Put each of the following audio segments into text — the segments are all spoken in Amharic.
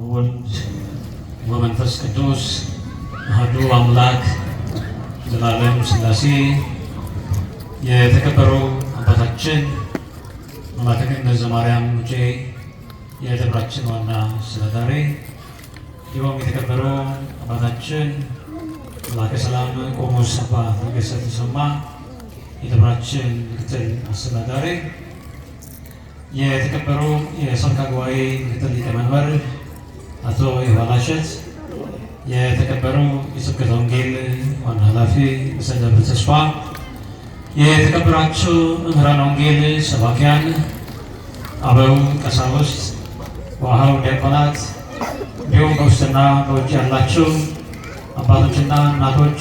ወወልድ ወመንፈስ ቅዱስ አሐዱ አምላክ ዘላለም ስላሴ የተከበሩ አባታችን መላከ ገነት ዘማርያም ሙጬ የደብራችን ዋና አስተዳዳሪ፣ እንዲሁም የተከበሩ አባታችን መላከ ሰላም ቆሞስ አባ ነገሰ ተሰማ የደብራችን ምክትል አስተዳዳሪ የተከበሩ የሰበካ ጉባኤ ምክትል ሊቀመንበር አቶ ይባላሸት፣ የተከበሩ የስብከተ ወንጌል ዋና ኃላፊ መሰንዘር ተስፋ፣ የተከበራችሁ ምህራን ወንጌል ሰባኪያን፣ አበው ቀሳውስት፣ ዋሃው ዲያቆናት፣ እንዲሁም በውስጥና በውጭ ያላችሁ አባቶችና እናቶች፣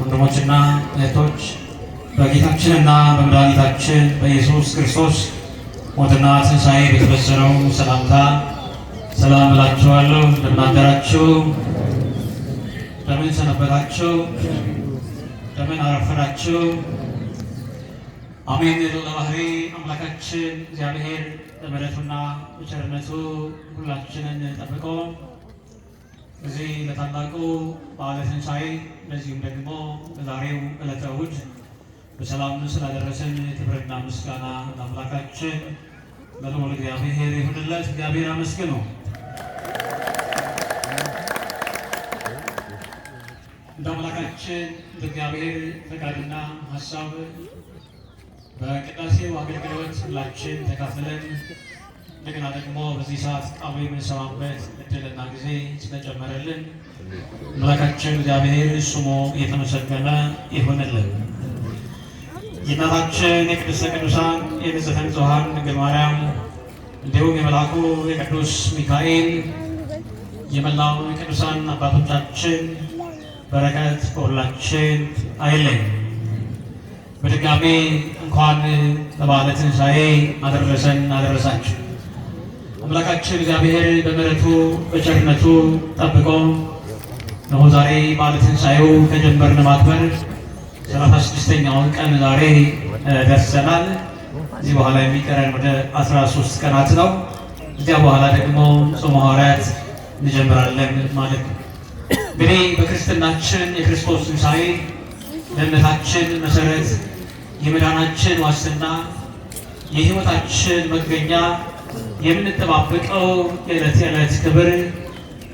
ወንድሞችና እህቶች በጌታችንና በመድኃኒታችን በኢየሱስ ክርስቶስ ሞትና ትንሣኤ በተበሰረው ሰላምታ ሰላም ብላችኋለሁ። እንደምናደራችሁ፣ እንደምን ሰነበታችሁ፣ እንደምን አረፈዳችሁ። አሜን ለባህሪ አምላካችን እግዚአብሔር በምሕረቱና በቸርነቱ ሁላችንን ጠብቆ እዚህ ለታላቁ በዓለ ትንሣኤ እንደዚሁም ደግሞ በዛሬው ዕለተ እሑድ በሰላም ስላደረሰን ክብርና ምስጋና ለአምላካችን ለልዑል እግዚአብሔር ይሁንለት። እግዚአብሔር አመስግነው። እንደ አምላካችን እንደ እግዚአብሔር ፈቃድና ሀሳብ በቅዳሴው አገልግሎት ሁላችን ተካፍለን እንደገና ደግሞ በዚህ ሰዓት ቃሉ የምንሰማበት እድልና ጊዜ ስለጨመረልን አምላካችን እግዚአብሔር ስሙ የተመሰገነ ይሆንልን። የእናታችን የቅድስተ ቅዱሳን የንጽሕተ ንጹሐን ድንግል ማርያም እንዲሁም የመልአኩ የቅዱስ ሚካኤል የመላው የቅዱሳን አባቶቻችን በረከት በሁላችን አይለን። በድጋሜ እንኳን ለበዓለ ትንሣኤ አደረሰን አደረሳችሁ። አምላካችን እግዚአብሔር በምሕረቱ በቸርነቱ ጠብቆ ነሆ ዛሬ በዓለ ትንሣኤው ከጀመርን ማክበር ሰላሳ ስድስተኛውን ቀን ዛሬ ደርሰናል። እዚህ በኋላ የሚቀረን ወደ አስራ ሶስት ቀናት ነው። እዚያ በኋላ ደግሞ ጾመ ሐዋርያት እንጀምራለን ማለት ነው። እንግዲህ በክርስትናችን የክርስቶስ ትንሣኤ ለእምነታችን መሰረት፣ የመዳናችን ዋስትና፣ የህይወታችን መገኛ የምንጠባበቀው የዕለት የዕለት ክብር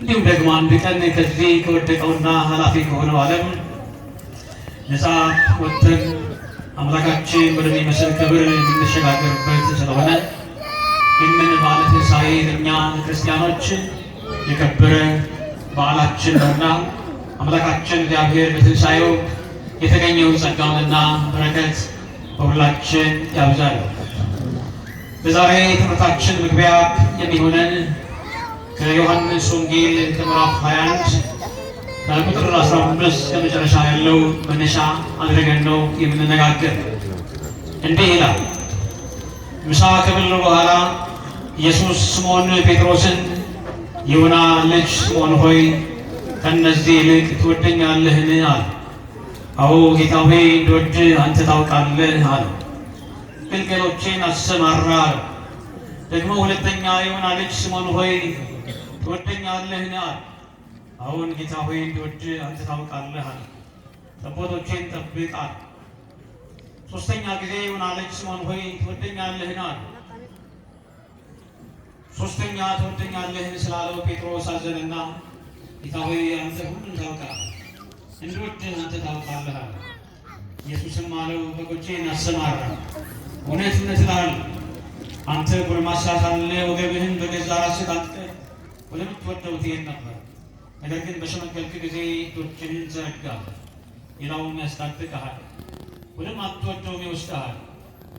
እንዲሁም ደግሞ አንድ ቀን ከዚህ ከወደቀውና ኃላፊ ከሆነው ዓለም ነፃ ወጥተን አምላካችን ወደሚመስል ክብር የምንሸጋገርበት ስለሆነ ይህምን በዓለ ትንሣኤ ለእኛ ክርስቲያኖችን የከበረ በዓላችን ነውና አምላካችን እግዚአብሔር በትንሣኤው የተገኘውን ጸጋውንና በረከት በሁላችን ያብዛል። በዛሬ ትምህርታችን መግቢያ የሚሆነን ከዮሐንስ ወንጌል ከምዕራፍ 21 ከቁጥር 15 ከመጨረሻ ያለው መነሻ አድርገን ነው የምንነጋገር። እንዲህ ይላል፣ ምሳ ከበሉ በኋላ ኢየሱስ ስምዖን ጴጥሮስን ይሁና ልጅ ስምዖን ሆይ ከነዚህ ይልቅ ትወደኛለህን? አለ። አዎ ጌታ ሆይ እንደወድ አንተ ታውቃለህ አለው። ግልገሎቼን አሰማራ አለው። ደግሞ ሁለተኛ ይሁና ልጅ ስምዖን ሆይ ትወደኛለህን? አለ። አሁን ጌታ ሆይ እንደወድ አንተ ታውቃለህ አለ። ጠቦቶቼን ጠብቅ ሶስተኛ ጊዜ ይሁና ልጅ ስምዖን ሆይ ትወደኛለህን? አለ ሶስተኛ ትወደኛለህን ስላለው ጴጥሮስ አዘነና ጌታ ሆይ አንተ ሁሉን ታውቃለህ፣ እንድወድህ አንተ ታውቃለህ አለ። ኢየሱስም አለው በጎቼን አሰማራ፣ እውነት እውነት እልሃለሁ አንተ ጎልማሳ ሳለህ ወገብህን በገዛ ራስህ ታጥቀህ ወደምትወደው ትሄድ ነበር። ነገር ግን በሸመገልክ ጊዜ እጆችህን ዘረጋለህ፣ ሌላውም ያስታጥቅሃል፣ ወደማትወደውም ይወስድሃል።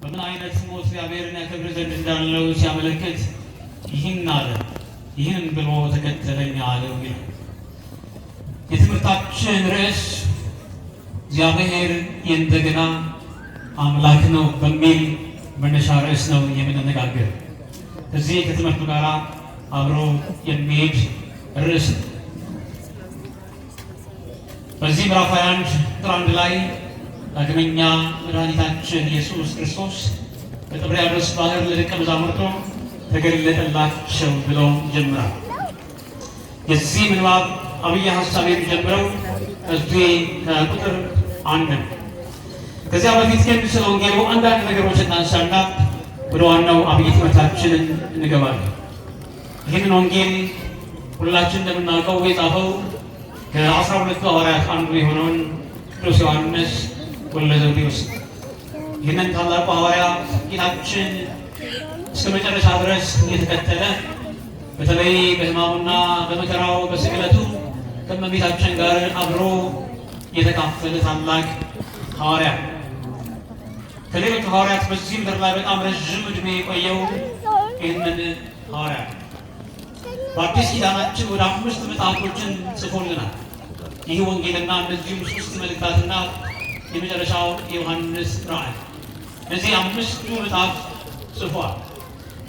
በምን አይነት ሞት እግዚአብሔርን ያከብር ዘንድ እንዳለው ሲያመለክት ይህን አለ ይህን ብሎ ተከተለኝ አለው። የትምህርታችን ርዕስ እግዚአብሔር የእንደገና አምላክ ነው በሚል መነሻ ርዕስ ነው የምንነጋገር። እዚህ ከትምህርቱ ጋር አብሮ የሚሄድ ርዕስ ነው። በዚህ ምዕራፍ 21 ቁጥር አንድ ላይ ዳግመኛ መድኃኒታችን ኢየሱስ ክርስቶስ በጥብርያዶስ ባህር ለደቀ መዛሙርቱ ተገለጠላቸው ብለው ጀምራል። የዚህ ምንባብ አብይ ሀሳብ የሚጀምረው እዚህ ከቁጥር አንድ ነው። ከዚያ በፊት ግን ስለ ወንጌሉ አንዳንድ ነገሮች እናንሳና ወደ ዋናው አብይ ትምህርታችንን እንገባለን። ይህንን ወንጌል ሁላችን እንደምናውቀው የጻፈው ከአስራ ሁለቱ ሐዋርያት አንዱ የሆነውን ቅዱስ ዮሐንስ ወልደ ዘብዴዎስ ይህንን ታላቁ ሐዋርያ ጌታችን እስከ መጨረሻ ድረስ እየተከተለ በተለይ በሕማሙና በመከራው በስቅለቱ ከእመቤታችን ጋር አብሮ የተካፈለ ታላቅ ሐዋርያ ከሌሎች ሐዋርያት በዚህ ምድር ላይ በጣም ረዥም ዕድሜ የቆየው ይህንን ሐዋርያ በአዲስ ኪዳናችን ወደ አምስት መጽሐፎችን ጽፎልናል። ይህ ወንጌልና እነዚህም ሶስት መልእክታትና የመጨረሻው የዮሐንስ ራእይ እነዚህ አምስቱ መጽሐፍ ጽፏል።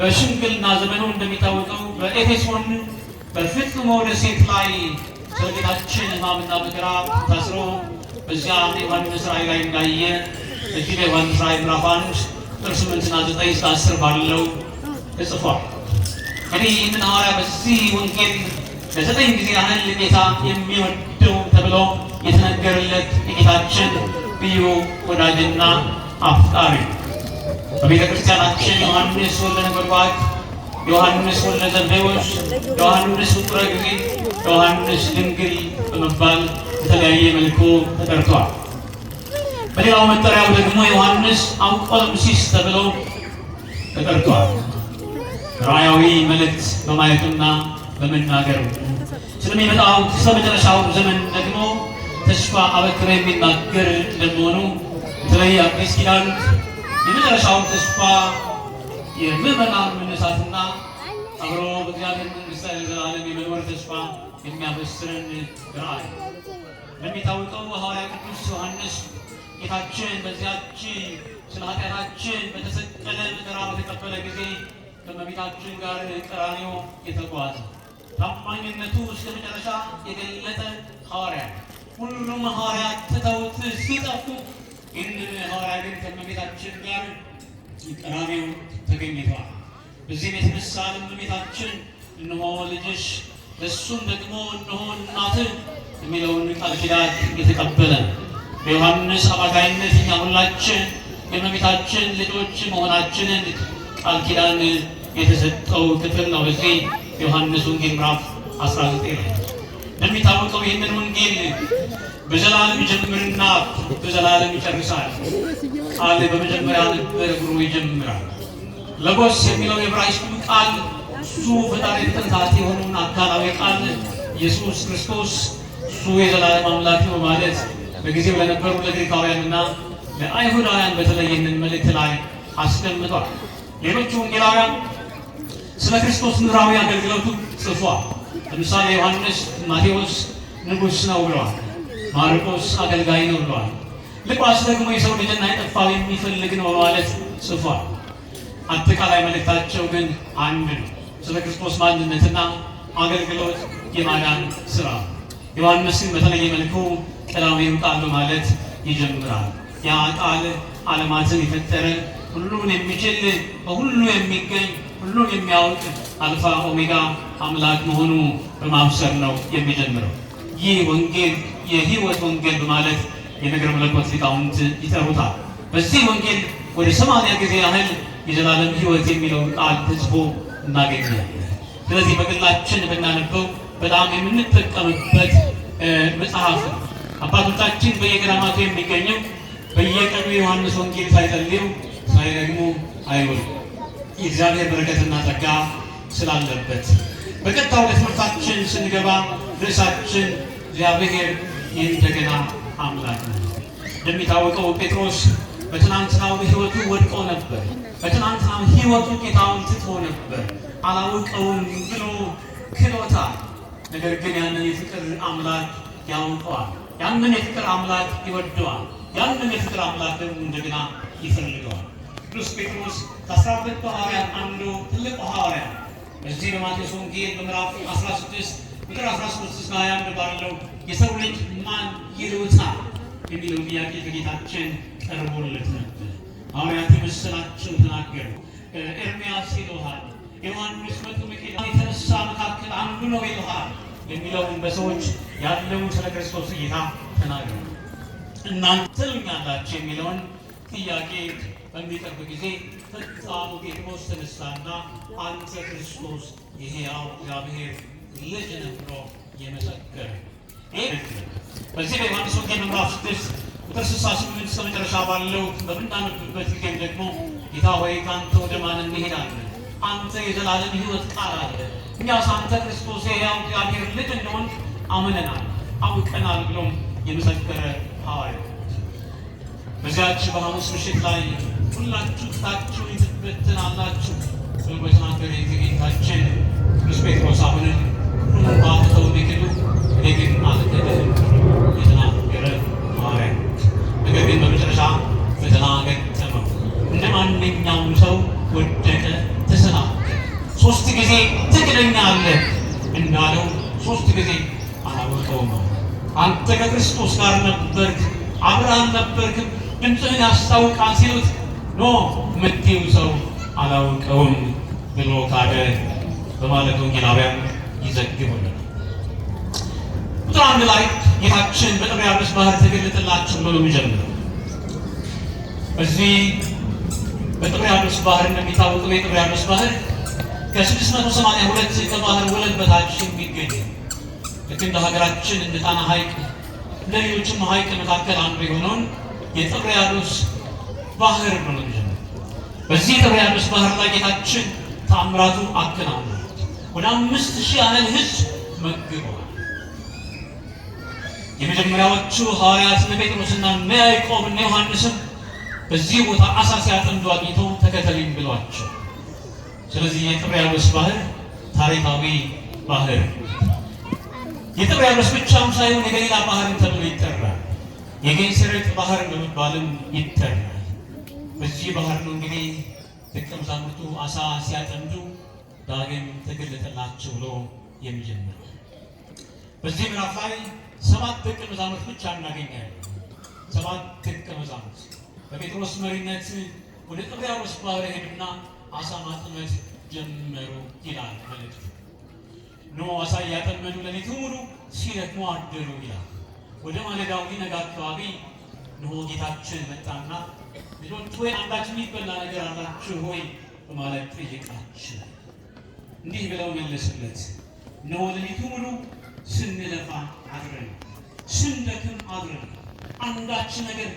በሽምግልና ዘመኑ እንደሚታወቀው በኤፌሶን በፍጥሞ ደሴት ላይ ሰውጌታችን ሕማምና መከራ ታስሮ በዚያ ዮሐንስ ራእይ ላይ እንዳየ እዚህ በዮሐንስ ራእይ ምዕራፍ አንድ ቁጥር ስምንትና ዘጠኝ እስከ አስር ባለው ተጽፏል። እንግዲህ ይህንን ሐዋርያ በዚህ ወንጌል ለዘጠኝ ጊዜ ያህል ጌታ የሚወደው ተብሎ የተነገረለት የጌታችን ልዩ ወዳጅና አፍቃሪ በቤተክርስቲያናችን ዮሐንስ ወልደ ነጎድጓድ፣ ዮሐንስ ወልደ ዘብዴዎስ፣ ዮሐንስ ውጥረ ጊዜ፣ ዮሐንስ ድንግል በመባል በተለያየ መልኩ ተጠርቷል። በሌላው መጠሪያው ደግሞ ዮሐንስ አውቆለምሲስ ተብሎ ተጠርቷል። ራእያዊ መልእክት በማየትና በመናገር ስለሚመጣው ስለመጨረሻው ዘመን ደግሞ ተስፋ አበክሮ የሚናገር እንደመሆኑ በተለይ አዲስ ኪዳን የመጨረሻውን ተስፋ የምዕመናን መነሳትና አብሮ በእግዚአብሔር መንግሥት ለዘላለም የመኖር ተስፋ የሚያበስረን ራእይ ለሚታወቀው ሐዋርያ ቅዱስ ዮሐንስ ጌታችን በዚያች ስለ ኃጢአታችን በተሰቀለ መከራ በተቀበለ ጊዜ ከመቤታችን ጋር ቀራንዮ የተጓዘ ታማኝነቱ እስከ መጨረሻ የገለጠ ሐዋርያ ሁሉም ሐዋርያት ትተውት ሲጠፉ ይህንን ሐዋርያ ግን ከእመቤታችን ጋር ቀራንዮ ተገኝተዋል። በዚህም የተነሳ እመቤታችን እነሆ ልጅሽ እሱም ደግሞ እነሆ እናት የሚለውን ቃል ኪዳን እየተቀበለ በዮሐንስ አማካይነት እኛ ሁላችን የእመቤታችን ልጆች መሆናችንን ቃል ኪዳን የተሰጠው ክፍል ነው። በዚህ ዮሐንስ ወንጌል ምዕራፍ 19 እንደሚታወቀው ይህንን ወንጌል በዘላለም ይጀምርና በዘላለም ይጨርሳል ቃል በመጀመሪያ ነበር ብሎ ይጀምራል። ለጎስ የሚለው የዕብራይስጡ ቃል እሱ ፈጣሪ ፍጥረታት የሆነውን አካላዊ ቃል ኢየሱስ ክርስቶስ እሱ የዘላለም አምላክ ነው ማለት በጊዜው ለነበሩ ለግሪካውያንና ለአይሁዳውያን በተለየንን መልእክት ላይ አስቀምጧል። ሌሎቹ ወንጌላውያን ስለ ክርስቶስ ምድራዊ አገልግሎቱ ጽፏል። ለምሳሌ ዮሐንስ ማቴዎስ ንጉሥ ነው ብለዋል። ማርቆስ አገልጋይ ነው ብሏል ልቋስ ደግሞ የሰው ልጅና የጠፋው የሚፈልግ ነው በማለት ጽፏል። አጠቃላይ መልእክታቸው ግን አንድ ነው፣ ስለ ክርስቶስ ማንነትና አገልግሎት የማዳን ስራ። ዮሐንስን በተለየ መልኩ ቀዳሚው ቃል በማለት ይጀምራል። ያ ቃል ዓለማትን የፈጠረ ሁሉን የሚችል በሁሉ የሚገኝ ሁሉን የሚያውቅ አልፋ ኦሜጋ አምላክ መሆኑ በማብሰር ነው የሚጀምረው ይህ ወንጌል የህይወት ወንጌል በማለት የነገረ መለኮት ሊቃውንት ይጠሩታል። በዚህ ወንጌል ወደ ሰማንያ ጊዜ ያህል የዘላለም ህይወት የሚለውን ቃል ተጽፎ እናገኛለን። ስለዚህ በግላችን ብናነበው በጣም የምንጠቀምበት መጽሐፍ ነው። አባቶቻችን በየገዳማቱ የሚገኘው በየቀኑ የዮሐንስ ወንጌል ሳይጸልዩ ሳይረግሙ አይውሉ የእግዚአብሔር በረከትና ጸጋ ስላለበት በቀጥታ ወደ ትምህርታችን ስንገባ ርዕሳችን እግዚአብሔር የእንደገና አምላክ ነው። እንደሚታወቀው ጴጥሮስ በትናንትናው ህይወቱ ወድቆ ነበር። በትናንትናው ህይወቱ ጌታውን ትቶ ነበር። አላውቀውም ብሎ ክሎታል። ነገር ግን ያንን የፍቅር አምላክ ያውቀዋል። ያንን የፍቅር አምላክ ይወደዋል። ያንን የፍቅር አምላክ እንደገና ይፈልገዋል። ቅዱስ ጴጥሮስ ከአስራ ሁለቱ ሐዋርያት አንዱ ትልቁ ሐዋርያ እዚህ በማቴዎስ ወንጌል በምዕራፍ 16 ቁጥር 13 21 ባለው የሰው ልጅ ማን ይሉታል የሚለው ጥያቄ ከጌታችን ቀርቦለት ነበር። ሐዋርያት የመሰላቸው ተናገሩ። ኤርሚያስ ይለሃል፣ ዮሐንስ መጥምቅ የተነሳ መካከል አንዱ ነው ይለሃል የሚለውን በሰዎች ያለውን ስለ ክርስቶስ እይታ ተናገሩ። እናንተ ትሉኛላችሁ የሚለውን ጥያቄ በሚቀርብ ጊዜ ፈጣኑ ጴጥሮስ ተነሳና አንተ ክርስቶስ የሕያው እግዚአብሔር ልጅ ነህ ብሎ የመሰከረ በዚህ በዮሐንስ ወንጌል ምዕራፍ ስድስት ቁጥር ስልሳ ስምንት እስከ መጨረሻ ባለው በምናነብበት ጊዜም ደግሞ ጌታ ሆይ ከአንተ ወደ ማን እንሄዳለን? አንተ የዘላለም ሕይወት ቃል አለ። እኛስ አንተ ክርስቶስ የሕያው እግዚአብሔር ልጅ እንደሆን አምነናል አውቀናል ብሎም የመሰከረ ሐዋርያ በዚያች በሐሙስ ምሽት ላይ ሁላችሁ ትታችሁ ትበተናላችሁ ብሎ በተናገረ የጌታችን ቅዱስ ጴጥሮስ አሁንም ሁሉም ባትተው ቢክዱ ማንኛውም ሰው ወደቀ፣ ተሰናከለ። ሶስት ጊዜ ትክደኛለህ እንዳለው ሶስት ጊዜ አላወቀው አንተ ከክርስቶስ ጋር ነበርክ፣ አብርሃም ነበርክ፣ ድምፅህን ያስታውቃል ሲሉት ኖ መጤው ሰው አላውቀውም ብሎ ካደ በማለት ወንጌላውያን ይዘግቡልን። ቁጥር አንድ ላይ ጌታችን በጥብርያ ባህር ተገለጠላቸው ብሎ የሚጀምረው እዚህ በጥብርያ ባህር እንደሚታወቀው የጥብርያ በስ ባህር ከ ሁለት ከባህር ወለል በታች የሚገኝ ልክ እንደ ሀገራችን እንደ ጣና ሐይቅ ለሌሎችም ሐይቅ መካከል አንዱ የሆነውን የጥብርያዶስ ባህር ነው የሚጀምረው። በዚህ የጥብርያዶስ ባህር ላይ ጌታችን ተአምራቱ አከናውኗል። ወደ አምስት ሺህ ያህል ህዝብ መግቧል። የመጀመሪያዎቹ ሐዋርያት እነ ጴጥሮስና እነ ያዕቆብ እና ዮሐንስም በዚህ ቦታ አሳ ሲያጠምዱ አግኝተው ተከተሉኝ ብሏቸው። ስለዚህ የጥብርያዶስ ባህር ታሪካዊ ባህር የጥብርያዶስ ብቻም ሳይሆን የገሊላ ባህርን ተብሎ ይጠራል። የጌንሴሬጥ ባህር በመባልም ይጠራል። በዚህ ባህር ነው እንግዲህ ደቀ መዛሙርቱ አሳ ሲያጠምዱ ዳግም ተገለጠላቸው ብሎ የሚጀምር በዚህ ምዕራፍ ላይ ሰባት ደቀ መዛሙርት ብቻ እናገኛለን። ሰባት ደቀ መዛሙርት በጴጥሮስ መሪነት ወደ ጥብርያዶስ ባህር ሄዱና አሳ ማጥመድ ጀመሩ ይላል መልእክቱ። ኖ አሳ እያጠመዱ ሌሊት ሙሉ ሲደክሙ አደሩ ይላል። ወደ ማለዳው ሊነጋ አካባቢ ንሆ ጌታችን መጣና ልጆች ወይ አንዳችን የሚበላ ነገር አላችሁ ሆይ በማለት ጠየቃቸው። እንዲህ ብለው መለሱለት፣ እነሆ ሌሊቱ ሙሉ ስንለፋ አድረን ስንደክም አድረን አንዳች ነገር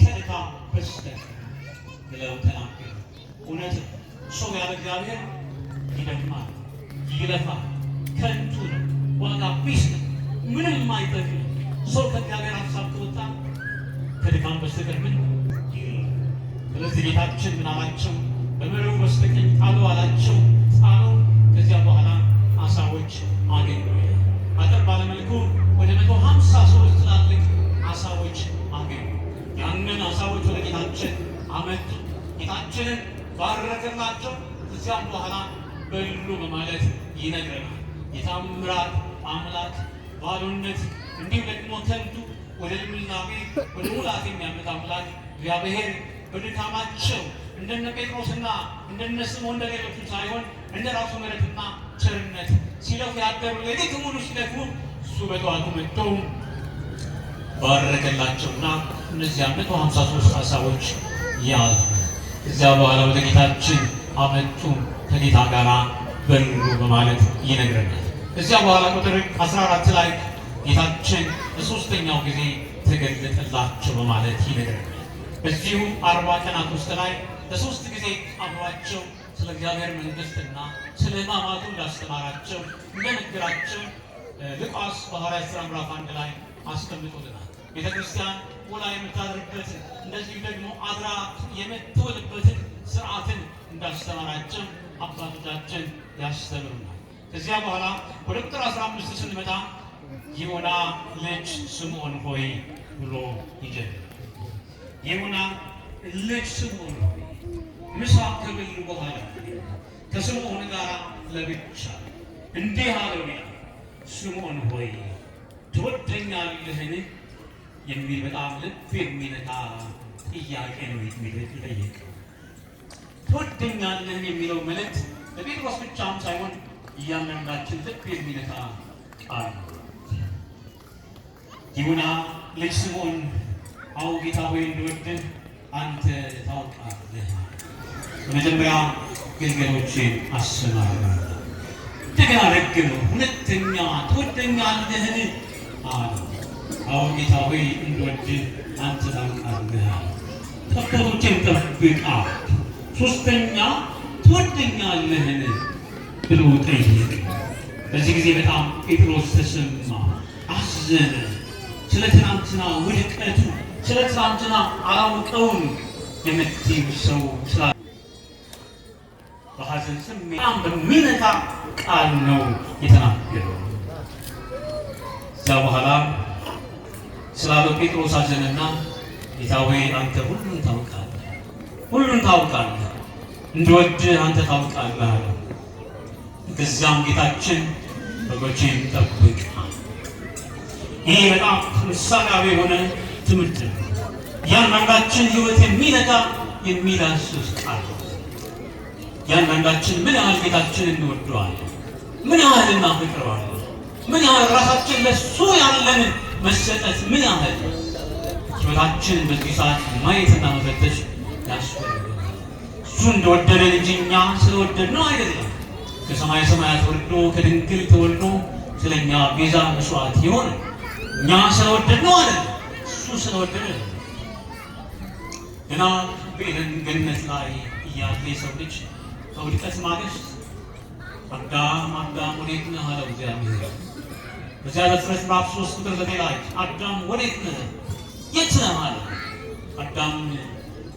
ከልካ በስተቀር ብለው ተናገሩ። እውነት ሰው ያለ እግዚአብሔር ይደክማል፣ ይለፋል፣ ከንቱ ነው፣ ዋጋ ቢስ ነው፣ ምንም አይጠቅም። ሰው ከእግዚአብሔር ሀሳብ ከወጣ ከድካም በስተቀር ምን ስለዚህ ቤታችን ምን አላቸው? በመረቡ በስተቀኝ ጣሉ አላቸው። ጣሉ። ከዚያ በኋላ አሳዎች አገኙ። አጠር ባለመልኩ ወደ መቶ ሀምሳ ሶስት ትላልቅ አሳዎች አገኙ። ያንን አሳዎች ወደ ጌታችን አመጡ። ጌታችንን ባረከላቸው። ከዚያም በኋላ በሉ በማለት ይነግረናል። የታምራት አምላክ ባሉነት እንዲሁም ደግሞ ከንቱ ወደ ልምላሜ ወደ ሙላት የሚያመጣ አምላክ እግዚአብሔር በድካማቸው እንደነ ጴጥሮስና እንደነ ስምዖን እንደሌሎቹ ሳይሆን እንደ ራሱ ምሕረትና ቸርነት ሲለፉ ያደሩ ሌሊት ሙሉ ሲለፉ እሱ በጠዋቱ መጥቶ ባረከላቸውና እነዚያ መቶ ሀምሳ ሶስት ሀሳቦች ያዙ። እዚያ በኋላ ወደ ጌታችን አመጡ ከጌታ ጋር በሉ በማለት ይነግረናል። እዚያ በኋላ ቁጥር 14 ላይ ጌታችን ለሶስተኛው ጊዜ ተገለጠላቸው በማለት ይነግረናል። በዚሁ አርባ ቀናት ውስጥ ላይ ለሶስት ጊዜ አብሯቸው ስለ እግዚአብሔር መንግስትና ስለ ሕማማቱ እንዳስተማራቸው እንደነገራቸው ሉቃስ በሐዋርያት ሥራ ምዕራፍ አንድ ላይ አስቀምጦልናል። ቤተ ክርስቲያን ውላ የምታድርበትን እንደዚሁ ደግሞ አድራ የምትውልበትን ስርዓትን እንዳስተማራቸው አባቶቻችን ያስተምሩናል። ከዚያ በኋላ ወደ ቁጥር 15 ስንመጣ ይሁዳ ልጅ ስምዖን ሆይ ብሎ ይጀምራል። ይሁዳ ልጅ ስምዖን ሆይ ምሳ ከበሉ በኋላ ከስምዖን ጋር ለብቻ እንዲህ አለው፣ ስምዖን ሆይ ትወደኛለህን? የሚል በጣም ልብ የሚነካ ጥያቄ ነው ትወደኛለህን የሚለው መልእክት ለጴጥሮስ ብቻም ሳይሆን እያንዳንዳችን ልብ የሚነካ ቃል ይሁና ልጅ ስምዖን አዎ ጌታ ሆይ አንተ ታውቃለህ። የመጀመሪያ ግልገሎችን አሰማሩ። እንደገና ረገመው፣ ሁለተኛ ትወደኛለህን አለ። አሁን ጌታ ሆይ እንደወድህ አንተ ታውቃለህ። ጠበቶችን ጠብቃ፣ ሶስተኛ ትወደኛለህን ብሎ ጠይቅ። በዚህ ጊዜ በጣም ጴጥሮስ ተሰማ፣ አዘነ። ስለ ትናንትና ውድቀቱ፣ ስለ ትናንትና አላውቀውን የምትይው ሰው ስላ የራስን ስሜት በሚነካ ቃል ነው የተናገረው። እዛ በኋላ ስላለው ጴጥሮስ አዘነና ጌታ ሆይ አንተ ሁሉን ታውቃለህ፣ ሁሉን ታውቃለህ፣ እንደወድህ አንተ ታውቃለህ አለ። ከዛም ጌታችን በጎቼን ጠብቅ። ይህ በጣም ምሳሌያዊ የሆነ ትምህርት ነው። እያንዳንዳችን ህይወት የሚነካ የሚዳስስ ቃል ያንዳንዳችን ምን ያህል ጌታችን እንወደዋለን፣ ምን ያህል እናፍቅረዋለን፣ ምን ያህል ራሳችን ለሱ ያለን መሰጠት ምን ያህል ህይወታችን በዚህ ሰዓት ማየትና መፈተሽ ያስፈልጋል። እሱ እንደወደደን እንጂ እኛ ስለወደድ ነው አይደለም። ከሰማይ ሰማያት ወርዶ ከድንግል ተወልዶ ስለኛ ቤዛ መስዋዕት የሆነ እኛ ስለወደድ ነው አለ እሱ ስለወደደ ገና ቤተን ገነት ላይ እያለ የሰው ልጅ ከውድቀት ማግስት አዳም አዳም ወዴት ነህ አለው እግዚአብሔር። በዚያ ዘፍጥረት ምዕራፍ ሶስት ቁጥር ዘጠኝ ላይ አዳም ወዴት ነህ የት ነህ አለ። አዳም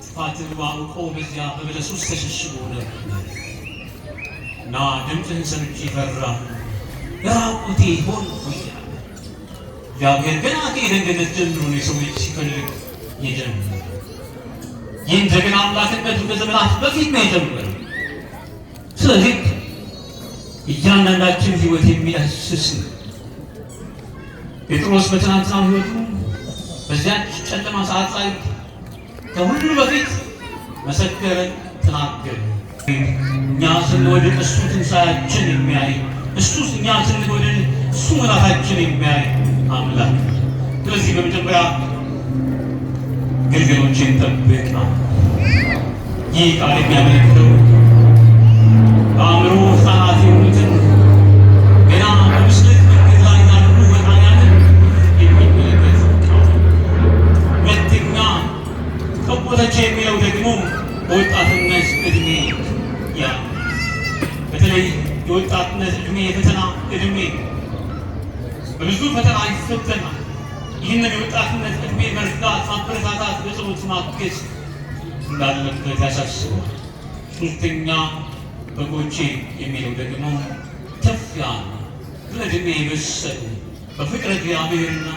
ጥፋትን አውቆ በዚያ በበለስ ውስጥ ተሸሽጎ ነበር እና ድምፅህን ሰምቼ ፈራሁ፣ ራቁቴ ሆንኩ እግዚአብሔር። ገና ከኤደን ገነት ጀምሮ ነው የሰው ልጅ ሲፈልግ የጀመረ። ይህም እንደገና አምላክነቱ ከዘመናት በፊት ነው የጀመረ ህግ እያንዳንዳችን ህይወት የሚዳስስ ጴጥሮስ በትናንትናው ህይወቱ በዚያች ጨለማ ሰዓት ላይ ከሁሉ በፊት መሰከረ፣ ተናገረ። እኛ ስንወድቅ እሱ ትንሣኤያችን የሚያይ እሱ እኛ ስንጎድን እሱ መራታችን የሚያይ አምላክ። ስለዚህ በመጀመሪያ ግልገሎችን ጠብቅ ነው ይህ ቃል የሚያመለክተው። በአእምሮ ሰዓት የሆኑትን ገና በምሽት መንገድ ላይ ያሉ ወጣያንን የሚመለከት ሁለተኛ ተቆጠች የሚለው ደግሞ በወጣትነት እድሜ ያ በተለይ የወጣትነት እድሜ የፈተና እድሜ በብዙ ፈተና ይፈተናል። ይህንን የወጣትነት እድሜ መርዳት፣ ማበረታታት፣ በጸሎት ማገዝ እንዳለበት ያሳስባል። ሶስተኛ በጎቼ የሚለው ደግሞ ከፍ ያሉ በዕድሜ የበሰሉ በፍቅረ እግዚአብሔርና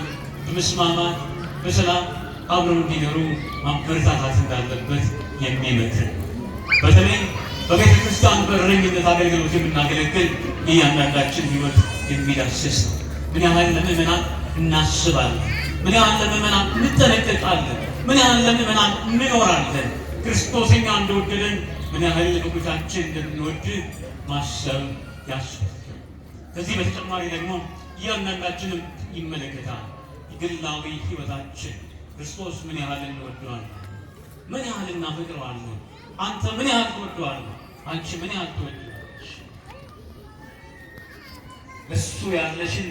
በመስማማት በሰላም አብረው እንዲኖሩ ማበረታታት እንዳለበት የሚመክር በተለይ በቤተ ክርስቲያን በረኝነት አገልግሎት የምናገለግል እያንዳንዳችን ህይወት የሚዳስስ ምን ያህል ለምእመናን እናስባለን? ምን ያህል ለምዕመናን እንጠነቀቃለን? ምን ያህል ለምዕመናን እንኖራለን? ክርስቶስ እኛ እንደወደደን ምን ያህል እኩታችን እንደምንወድ ማሰብ ያስፈልጋል። ከዚህ በተጨማሪ ደግሞ እያንዳንዳችንም ይመለከታል። ግላዊ ህይወታችን ክርስቶስ ምን ያህል እንወደዋለን፣ ምን ያህል እናፈቅረዋለን። አንተ ምን ያህል ትወደዋለህ? አንቺ ምን ያህል ትወደዋለሽ? እሱ ያለሽን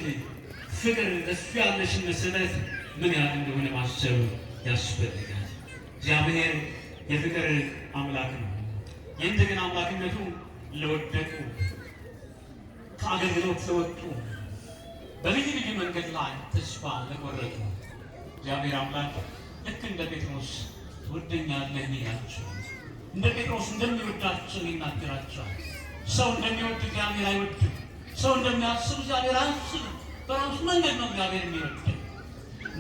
ፍቅር እሱ ያለሽን መሰረት ምን ያህል እንደሆነ ማሰብ ያስፈልጋል። እግዚአብሔር የፍቅር አምላክ ነው። የእንደገና አምላክነቱ ለወደቁ ከአገልግሎት ለወጡ በልዩ ልዩ መንገድ ላይ ተስፋ ለቆረጡ እግዚአብሔር አምላክ ልክ እንደ ጴጥሮስ ትወደኛለህ ያላቸው እንደ ጴጥሮስ እንደሚወዳቸው ይናገራቸዋል። ሰው እንደሚወድ እግዚአብሔር አይወድም። ሰው እንደሚያስብ እግዚአብሔር አያስብም። በራሱ መንገድ ነው እግዚአብሔር የሚወድ።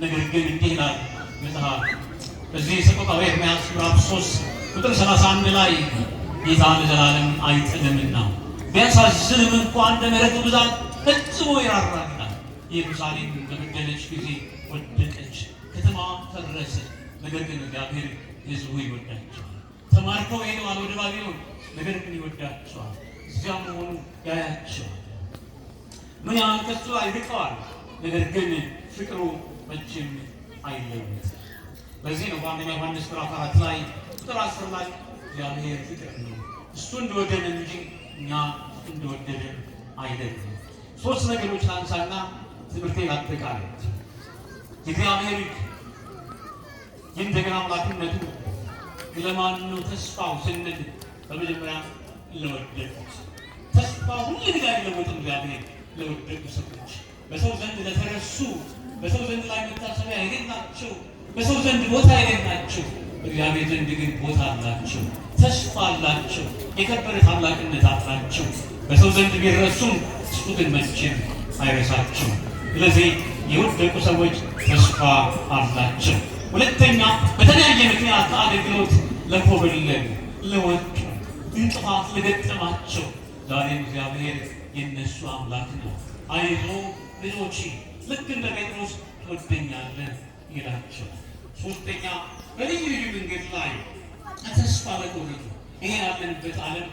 ነገር ግን እንዲህ ይላል መጽሐፍ በዚህ ሰቆቃወ ኤርምያስ ምዕራፍ ሶስት ቁጥር ሰላሳ አንድ ላይ ጌታ ለዘላለም አይጥልምና ቢያሳዝንም እንኳን እንደ ምሕረቱ ብዛት ፈጽሞ ይራራልናል። ኢየሩሳሌም በመገለች ጊዜ ወደቀች፣ ከተማዋ ፈረሰ። ነገር ግን እግዚአብሔር ሕዝቡ ይወዳቸዋል። ተማርከው ሄደዋል ወደ ባቢሎን፣ ነገር ግን ይወዳቸዋል። እዚያ መሆኑ ያያቸዋል። ምን ያህል ከሱ አይርቀዋል፣ ነገር ግን ፍቅሩ መቼም አይለወጥም። በዚህ ነው በአንደኛ ዮሐንስ ምዕራፍ አራት ላይ ቁጥር አስር ላይ እግዚአብሔር ፍቅር ነው። እሱ እንደወደደ እንጂ እኛ እንደወደደ አይደለም። ሶስት ነገሮች አንሳና ትምህርቴ አጠቃለች። የእግዚአብሔር የእንደገና አምላክነቱ ለማን ነው ተስፋው ስንል በመጀመሪያ ለወደቁት ተስፋ ሁሉ ጊዜ አይለወጥም። እግዚአብሔር ለወደቁ ሰዎች፣ በሰው ዘንድ ለተረሱ፣ በሰው ዘንድ ላይ መታሰቢያ የሌላቸው፣ በሰው ዘንድ ቦታ የሌላቸው እግዚአብሔርን ዘንድ ቦታ አላቸው፣ ተስፋ አላቸው፣ የከበረ ታላቅነት አላችሁ። በሰው ዘንድ ቢረሱም እሱ ግን መቼም አይረሳችሁ። ስለዚህ የወደቁ ሰዎች ተስፋ አላቸው። ሁለተኛ በተለያየ ምክንያት አገልግሎት ለኮበለሉ፣ ለወጡ፣ እንቅፋት ለገጠማቸው ዛሬም እግዚአብሔር የነሱ አምላክ ነው። አይዞ ልጆች፣ ልክ እንደ ጴጥሮስ ትወደኛለህ ይላቸው። ሶስተኛ በልዩ ልዩ መንገድ ላይ ተስፋ ለቆረጡ ይሄ ያለንበት ዓለም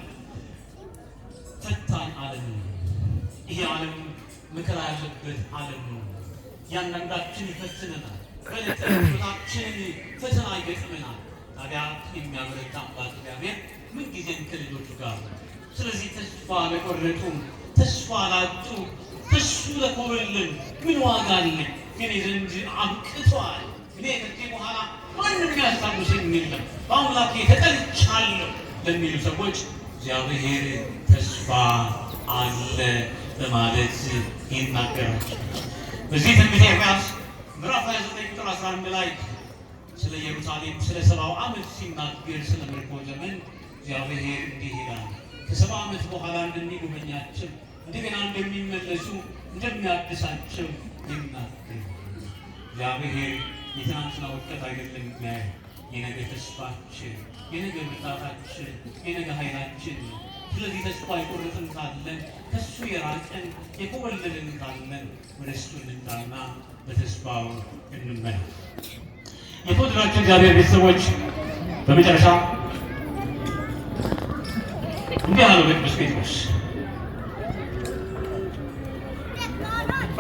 ፈታኝ ዓለም ነው። ይሄ ዓለም መከራ ያለበት ዓለም ነው። ያንዳንዳችን ይፈትነናል። በልጠታችን ፈተና ይገጥመናል። ታዲያ የሚያበረታ አምላክ እግዚአብሔር ምንጊዜም ከልጆቹ ጋር ስለዚህ ተስፋ ለቆረጡ ተስፋ ላጡ ተሱ ለኮበልን ምን ዋጋ አለን? ግን ዘንድ አብቅቷል እኔ ምክንያት ታሙሰኝ የለም በአምላኬ ተጠልቻለሁ ለሚሉ ሰዎች እግዚአብሔር ተስፋ አለ በማለት ይናገራቸው። በዚህ ትንቢተ ኤርምያስ ምዕራፍ 29 ቁጥር 11 ላይ ስለ ኢየሩሳሌም ስለ ሰባው ዓመት ሲናገር ስለ ምርኮ ዘመን እግዚአብሔር እንዲህ ይላል፣ ከሰባ ዓመት በኋላ እንደሚጎበኛቸው እንደገና እንደሚመለሱ እንደሚያድሳቸው ይናገር እግዚአብሔር የትናንትና ውድቀት አይደለም የሚያየው የነገ ተስፋችን፣ የነገ ብርታታችን፣ የነገ ኃይላችን። ስለዚህ ተስፋ የቆረጥን ካለን ከሱ የራቀን የኮበለልን ካለን ወደ እሱ እንምጣና በተስፋው እንመራ። የተወደዳችሁ እግዚአብሔር ቤተሰቦች በመጨረሻ እንዲህ አለው ቅዱስ ጴጥሮስ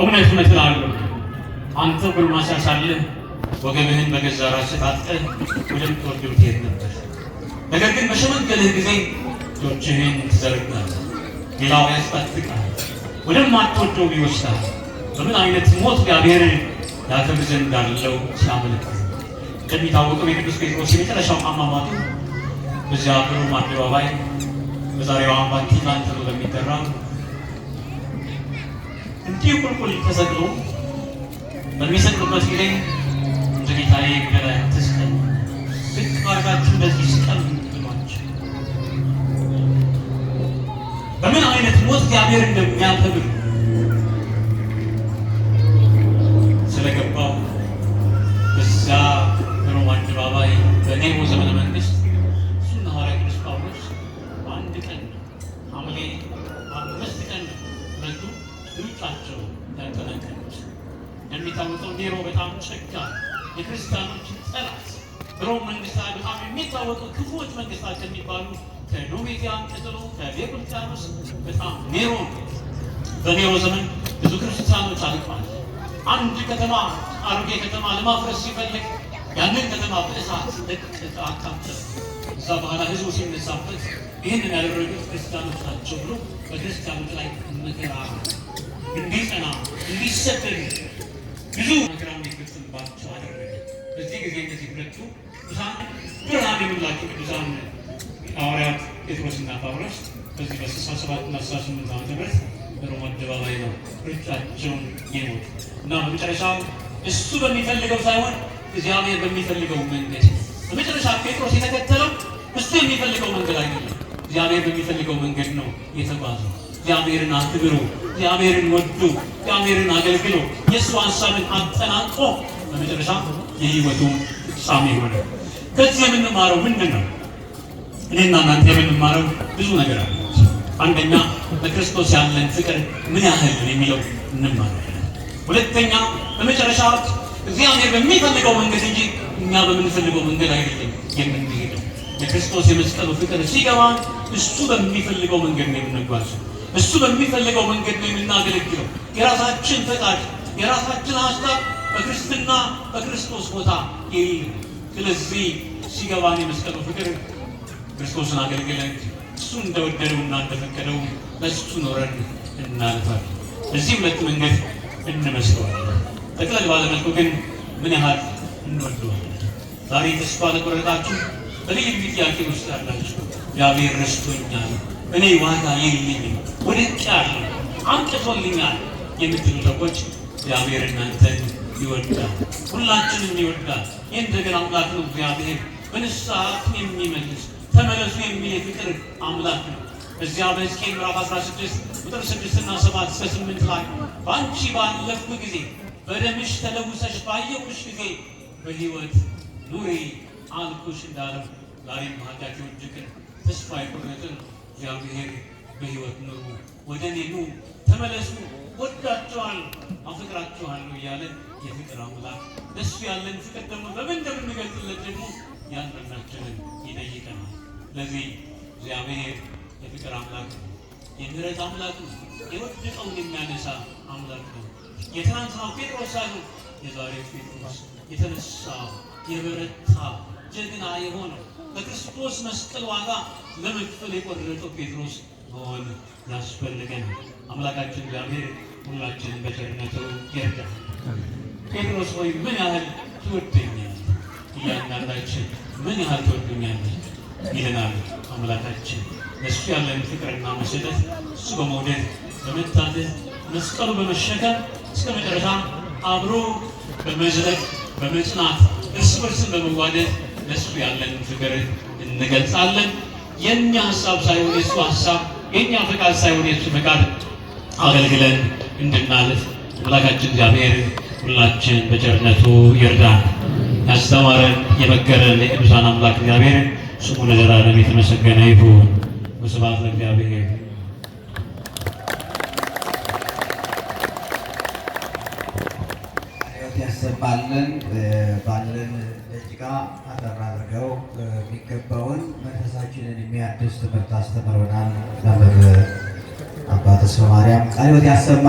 እውነት እመስላለሁ አንተ ጎልማሳ ሳለህ ወገብህን በገዛ ራስህ አጥተህ ወደምትወደው ትሄድ ነበር። ነገር ግን በሸመገልህ ጊዜ እጆችህን ትዘረጋለህ፣ ሌላው ያስጠጥቃል፣ ወደማትወደው ይወስዳል። በምን አይነት ሞት እግዚአብሔር ያከብ ዘንድ እንዳለው ሲያመለክ እንደሚታወቀው የቅዱስ ጴጥሮስ የመጨረሻው አሟሟቱ በዚያ ብሩም አደባባይ በዛሬዋ ቫቲካን ተብሎ በሚጠራ እንዲህ ቁልቁል ተሰቅሎ በሚሰቅሉበት ጊዜ ውድ ጌታዬ ይግደላል ትስቀኝ ልክ አድርጋችሁ እንደዚህ ስቀል ትሏቸው። በምን አይነት ሞት እግዚአብሔር እንደሚያከብር ስለገባው እዛ በሮማ አደባባይ በኔሮ ዘመነ መንግስት እሱና ሐዋርያ ቅዱስ ጳውሎስ በአንድ ቀን ሐምሌ አምስት ቀን ሁለቱ ሩጫቸው ያጠናቀቁት። እንደሚታወቀው ኔሮ በጣም ቸጋ የክርስቲያኖች ጠላት ሮም መንግስት አድሃም የሚታወቁ ክፉዎች መንግስታት የሚባሉ ከዶሜቲያን ቀጥሎ ከዲዮቅልጥያኖስ በጣም ኔሮን በኔሮ ዘመን ብዙ ክርስቲያኖች አልቋል። አንድ ከተማ አሮጌ ከተማ ለማፍረስ ሲፈልግ ያንን ከተማ በእሳት ለቅጥ አካተለ። እዛ በኋላ ህዝቡ ሲነሳበት ይህንን ያደረጉት ክርስቲያኖች ናቸው ብሎ በክርስቲያኖች ላይ መከራ እንዲጸና እንዲሰደድ ብዙ መከራ የሚፈጽምባቸው አደረገ። በዚህ ጊዜ እነዚህ ሁለቱ ብርሃን የምንላቸው ቅዱሳን ሐዋርያት ጴጥሮስና ጳውሎስ በዚህ በስልሳ ሰባት እና ስልሳ ስምንት ዓመተ ምህረት በሮማ አደባባይ ነው ርጫቸውን የሞት እና በመጨረሻው እሱ በሚፈልገው ሳይሆን እግዚአብሔር በሚፈልገው መንገድ በመጨረሻ ጴጥሮስ የተከተለው እሱ የሚፈልገው መንገድ አይደለም፣ እግዚአብሔር በሚፈልገው መንገድ ነው የተጓዘው። እግዚአብሔርን አክብሮ እግዚአብሔርን ወዶ እግዚአብሔርን አገልግሎ የእሱ ሀሳብን አጠናቆ በመጨረሻ የህይወቱ ፍጻሜ ሆነ። ከዚህ የምንማረው ምንድን ነው? እኔና እናንተ የምንማረው ብዙ ነገር አለ። አንደኛ በክርስቶስ ያለን ፍቅር ምን ያህል የሚለው እንማራለን። ሁለተኛ በመጨረሻ እግዚአብሔር በሚፈልገው መንገድ እንጂ እኛ በምንፈልገው መንገድ አይደለም የምንሄደው። የክርስቶስ የመስቀሉ ፍቅር ሲገባ እሱ በሚፈልገው መንገድ ነው የምንጓዘው። እሱ በሚፈልገው መንገድ ነው የምናገለግለው። የራሳችን ፈቃድ፣ የራሳችን ሀሳብ በክርስትና በክርስቶስ ቦታ የሌለ። ስለዚህ ሲገባን የመስቀሉ ፍቅር ክርስቶስን አገልግለን እሱ እንደወደደውና እንደፈቀደው በሱ ኖረን እናልፋል። በዚህ ሁለት መንገድ እንመስለዋለን። ጠቅለል ባለመልኩ ግን ምን ያህል እንወደዋለን? ዛሬ ተስፋ ለቆረጣችሁ በልዩ ጥያቄ ውስጥ ያላችሁ እግዚአብሔር ረስቶኛል፣ እኔ ዋጋ የለኝም፣ ወድቄአለሁ፣ አምጥቶልኛል የምትሉ ሰዎች እግዚአብሔር እናንተን ይወዳል፣ ሁላችንም ይወዳል። ይህን እንደገና አምላክ ነው እግዚአብሔር በንስሐት የሚመልስ ተመለሱ የሚል የፍቅር አምላክ ነው። እዚያ በሕዝቅኤል ምዕራፍ 16 ቁጥር 6 እና 7 እስከ 8 ላይ በአንቺ ባለፍኩ ጊዜ በደምሽ ተለውሰሽ ባየሁሽ ጊዜ በሕይወት ኑሪ አልኩሽ እንዳለ ዛሬም ኃጢአታችሁን እጅግን ተስፋ የቆረጥን እግዚአብሔር በሕይወት ኑሩ፣ ወደ እኔ ኑ፣ ተመለሱ ወዳቸዋለሁ፣ አፈቅራቸዋለሁ እያለ የፍቅር አምላክ ለእሱ ያለን ፍቅር ደግሞ በምን እንደምንገልጽለት ደግሞ ያንናችንን ይጠይቀናል። ለዚህ እግዚአብሔር የፍቅር አምላክ ነው፣ የምህረት አምላክ ነው፣ የወደቀውን የሚያነሳ አምላክ ነው። የትናንትናው ጴጥሮስ ሳይሆን የዛሬ ጴጥሮስ የተነሳ የበረታ ጀግና የሆነው በክርስቶስ መስቀል ዋጋ ለመክፈል የቆረጠው ጴጥሮስ መሆን ያስፈልገናል። አምላካችን እግዚአብሔር ሁላችንም በቸርነቱ ይርዳል። ጴጥሮስ ሆይ ምን ያህል ትወደኛል እያንዳንዳችን ምን ያህል ትወዱኛል ይለናል አምላካችን። ለእሱ ያለን ፍቅርና መሰጠት እሱ በመውደድ በመታዘዝ መስቀሉ በመሸከም እስከ መጨረሻ አብሮ በመዝለቅ በመጽናት እርስ በርስን በመዋደድ ለእሱ ያለን ፍቅር እንገልጻለን። የእኛ ሀሳብ ሳይሆን የእሱ ሀሳብ፣ የእኛ ፈቃድ ሳይሆን የእሱ ፈቃድ አገልግለን እንድናልፍ አምላካችን እግዚአብሔር ሁላችን በቸርነቱ ይርዳን። ያስተማረን የመገረን የቅዱሳን አምላክ እግዚአብሔር ስሙ ለዘላለም የተመሰገነ ይሁን። ስብሐት ለእግዚአብሔር። ያሰባልን ባለን ደቂቃ አጠር አድርገው የሚገባውን መንፈሳችንን የሚያድስ ትምህርት አስተምረናል። አባ ተስፋ ማርያም ቃልዎት ያሰማ